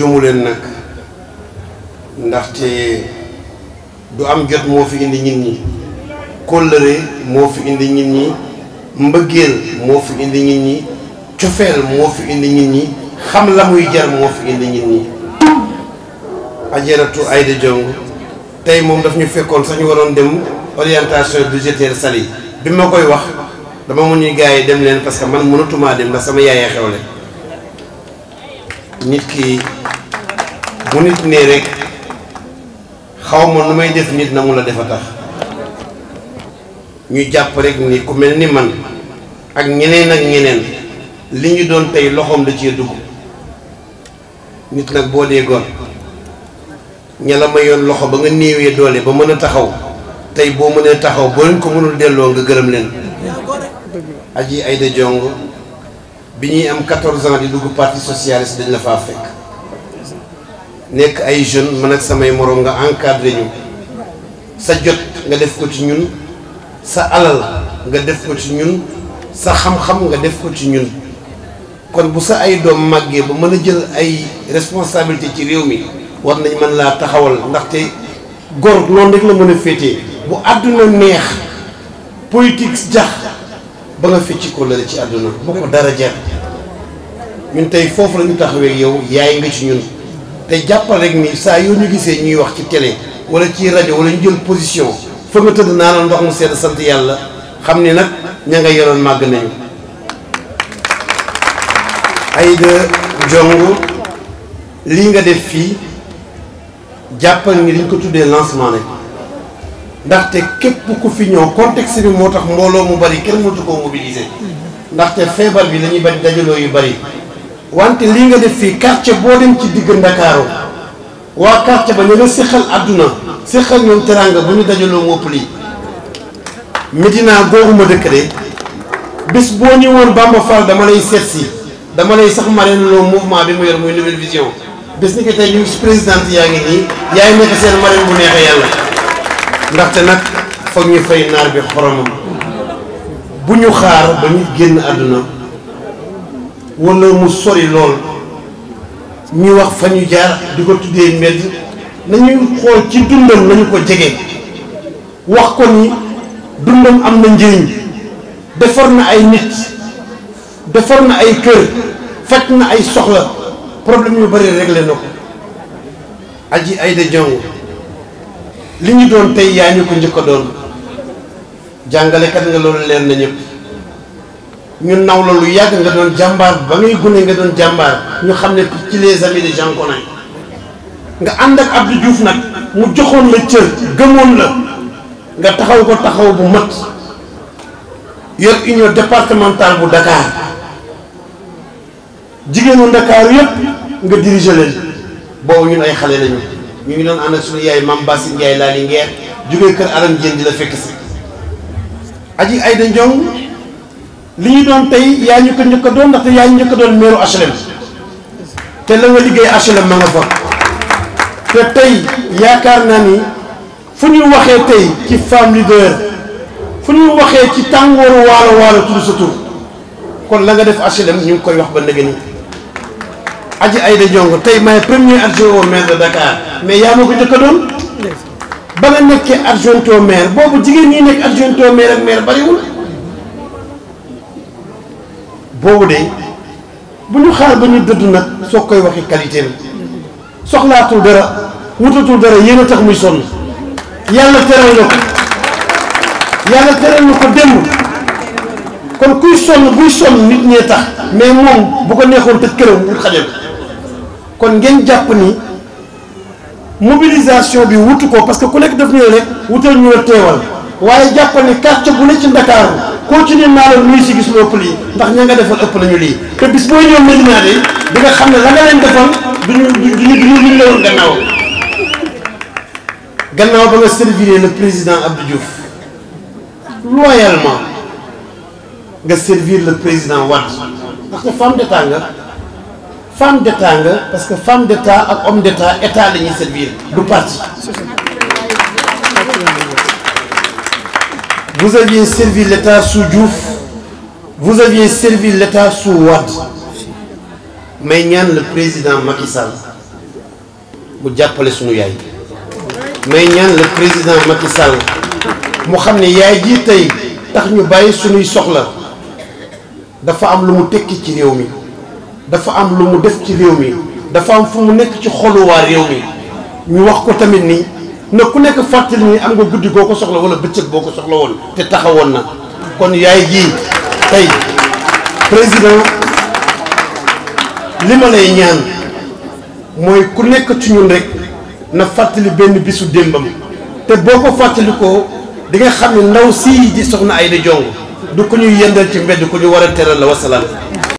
juumu leen nag ndaxte du am jot moo fi indi nit ñi kóllëre moo fi indi nit ñi mbëggeel moo fi indi nit ñi cofeel moo fi indi nit ñi xam la muy jar moo fi indi nit ñi ajaratu Aïda Diong tey moom daf ñu fekkoon sax ñu waroon dem orientation budgétaire sali bi ma koy wax dama mun gaa gars yi dem leen parce que man mënatumaa dem ndax sama yaayee xewle nit ki bu nit nee rek xaw ma nu may def nit nangu la a tax ñu jàpp rek ni ku mel ni man ak ñeneen ak ñeneen li ñu doon tey loxoom da cee dugg nit nag boo dee gor ña la mayoon loxo ba nga néewee doole ba mën a taxaw tey boo mënee taxaw boo leen ko mënul delloo nga gërëm leen Adji ayda jong bi ñuy am 14 ans di dugg parti socialiste dañ la faa fekk nekk ay jeunes man ak samay moroom nga encadré ñu sa jot nga def ko ci ñun sa alal nga def ko ci ñun sa xam-xam nga def ko ci ñun kon bu sa ay doom màggee ba mën a jël ay responsabilité ci réew mi war nañ mën laa taxawal ndaxte góor loolu rek la mën a féetee bu àdduna neex politique jax ba nga fecci ko la ci àdduna boo ko dara jar ñun tey foofu la ñu taxawee yow yaay nga ci ñun te jàppal rek ni saa yoo ñu gisee ñuy wax ci télé wala ci rajo wala ñu jël position fa nga tëdd naa ndox mu sedd sant yàlla xam ni nag ña nga yoroon màgg nañu Aïda Ndiongo lii nga def fii jàppal ni dañ ko tuddee lancement nag ndaxte képp ku fi ñëw contexte bi moo tax mbooloo mu bari kenn mënatu koo mobiliser ndaxte feebar bi lañuy bañ dajaloo yu bari wante lii nga def fii quartier boo dem ci digg Ndakaaru waa quartier ba ñu nga séqal àdduna séqal ñoom teraanga bu ñu dajaloo mopp lii Medina googu ma dëkk de bis boo ni woon Bamba Fall dama lay seet si dama lay sax marraine loo mouvement bi mu yor muy nouvelle vision bis ni ko tey ñu ngi si présidente yaa ngi nii yaay nekk seen marraine bu neexee yàlla ndaxte nag foog ñu fay naar bi xoromam bu ñu xaar ba ñu génn àdduna woon mu sori lool ñuy wax fa ñu jaar di ko tuddee mbedd nañuy xool ci dundam nañu ko jege wax ko ni dundam am na njëriñ defar na ay nit defar na ay kër faj na ay soxla problème yu bari réglé na ko aji Aïda Ndiongue li ñu doon tey yaa ñu ko njëkk a doon jàngalekat nga loolu leer na ñëpp ñu naw la lu yàgg nga doon jàmbaar ba ngay gune nga doon jàmbaar ñu xam ne ci les amis de Jean Collin nga ànd ak Abdou Diouf nag mu joxoon la cër gëmoon la nga taxaw ko taxaw bu mat yor union départementale bu Dakar jigéenu Ndakaaru yëpp nga diriger leen boobu ñun ay xale lañu ñu ngi doon ànd ak suñu yaay Mame Bassi Ndiaye laa li ngeer jógee kër Aram Dieng di la fekk si aji Aïda Ndiong li ñu doon tey yaa ñu ko njëkk a doon ndaxte yaa ñu njëkk a doon meeru HLM te la nga liggéey HLM ma nga fa te tey yaakaar naa ni fu ñu waxee tey ci femme leader fu ñu waxee ci tàngooru waalo waalo tudd sa tur kon la nga def HLM ñu ngi koy wax ba ndege ni aji Aïda Ndiongo tey maay premier adjoint au de Dakar mais yaa ma ko njëkk a doon ba nga nekkee adjoint au maire boobu jigéen ñi nekk adjoint au maire ak maire bariwul boobu de bu ñu xaar ba ñu dëdd nag soo koy waxee qualité bi soxlaatul dara wutatul dara yéen a tax muy sonn yàlla teral na ko yàlla teral na ko démb kon kuy sonn buy sonn nit ñee tax mais moom bu ko neexoon te këram wut xajal kon ngeen jàpp ni mobilisation bi wutu ko parce que ku nekk daf ñëw rek wutal ñu la teewal waaye jàpp ni bu ne ci Ndakaaru continuer naa la nuyu si gis lu ëpp lii ndax ña nga defoon ëpp nañu lii te bis boo ñëw Medina de di nga xam ne la nga leen defoon duñu duñu duñu liñ la woon gannaaw gannaaw ba nga servir le président Abdou Diouf loyalement nga servir le président Wade ndax te femme d'état nga femme d'état nga parce que femme d'état ak homme d'état état la ñuy servir du parti vous aviez servi l'État su Diouf vous aviez servi l'État sous Wade mais ñaan la président Macky mu jàppale sunu yaay mais ñaan la président Macky Sall mu xam ne yaay jii tey tax ñu bàyyi suñuy soxla dafa am lu mu tekki ci réew mi dafa am lu mu def ci réew mi dafa am fu mu nekk ci xolu waa réew mi ñu wax ko tamit nii na ku nekk fàttali ni am nga guddi boo ko soxla wala bëccëg boo ko soxla woon te taxawoon na kon yaay jii tey président li ma lay ñaan mooy ku nekk ci ñun rek na fàttali benn bisu démbam te boo ko fàttalikoo di nga xam ne ndaw sii di soxna ay di jong du ko ñuy yendal ci mbedd ku ñu war a teral la wasalaam